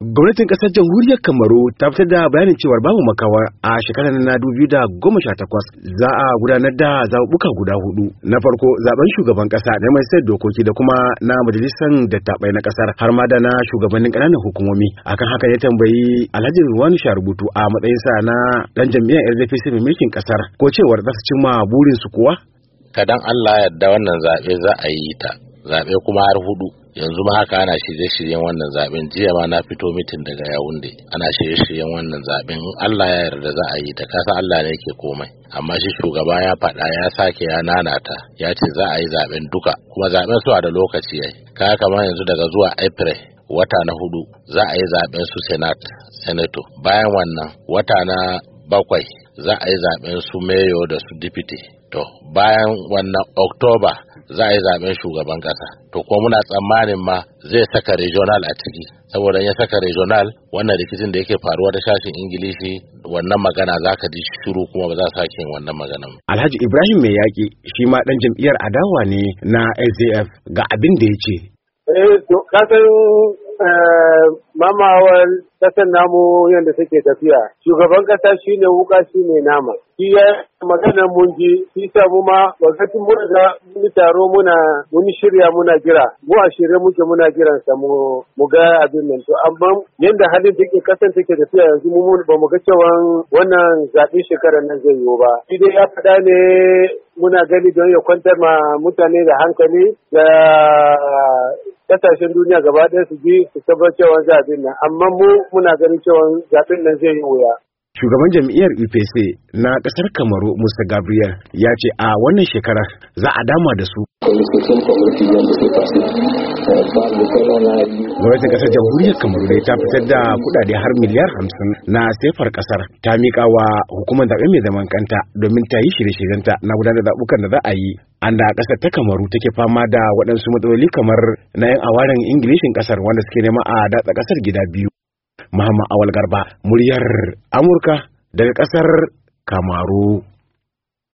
Gwamnatin ƙasar jamhuriyar Kamaru ta fitar da bayanin cewar babu makawa a shekarar na da goma sha takwas za a gudanar da zaɓuɓɓuka guda hudu. Na farko Zaɓen shugaban ƙasa na majalisar dokoki da kuma na majalisar dattabai na ƙasar har ma da na shugabannin ƙananan hukumomi. Akan haka ya tambayi Alhaji Ruwanu rubutu a matsayin sa na ɗan jam'iyyar RDPC mai mulkin ƙasar ko cewar za su cimma burinsu kuwa? Kadan Allah yarda wannan zaɓe za a yi ta. zaɓe kuma har hudu yanzu ma haka ana shirye-shiryen wannan zaɓen jiya ma na fito mitin daga yawunde ana shirye-shiryen wannan zaɓen allah ya yarda za a yi ta kasa allah ne ke komai amma shi shugaba ya faɗa ya sake ya nanata ya ce za a yi zaɓen duka kuma zaɓen su a da lokaci yai, ka kama yanzu daga zuwa april wata na hudu za a yi zaɓen su senat, senator bayan wannan wata na bakwai za a yi zaɓen su mayo da su deputy to bayan wannan oktoba za a yi zaben shugaban kasa to kuma muna tsammanin ma zai saka regional a ciki saboda ya saka regional wannan rikicin da yake faruwa da shashin ingilishi wannan magana za ka ji shiru kuma ba za a sake wannan magana alhaji ibrahim mai yaƙi shi ma ɗan jam'iyyar adawa ne na sdf ga abin da ya ce eh, mamawar kasar namu yadda take tafiya shugaban kasa shine wuka shine nama shi ya magana mun ji shi samu ma wakati mun ga mun taro muna mun shirya muna jira mu a shirye muke muna jiran samu mu ga abin nan to amma yadda halin take kasar take tafiya yanzu mu ba mu ga cewa wannan zaɓi shekarar nan zai yiwu ba shi dai ya faɗa ne muna gani don ya kwantar ma mutane da hankali da ƙasashen duniya gaba ɗaya su ji su tabbatar cewa za a zaɓen nan amma mu muna ganin cewa zaɓen nan zai yi wuya shugaban jam'iyyar upc na ƙasar kamaru musa gabriel ya ce a wannan shekarar za a dama da su gwamnatin ƙasar jamhuriyar kamaru dai ta fitar da kudade har miliyar hamsin na sefar ƙasar ta miƙa wa hukumar zaɓe mai zaman kanta domin ta yi shirye-shiryenta na gudanar da zaɓukan da za a yi anda ƙasar ta kamaru take fama da waɗansu matsaloli kamar na yan awarin ingilishin ƙasar, wanda suke nema a datsa ƙasar gida biyu muhammad awal garba muryar amurka daga ƙasar kamaru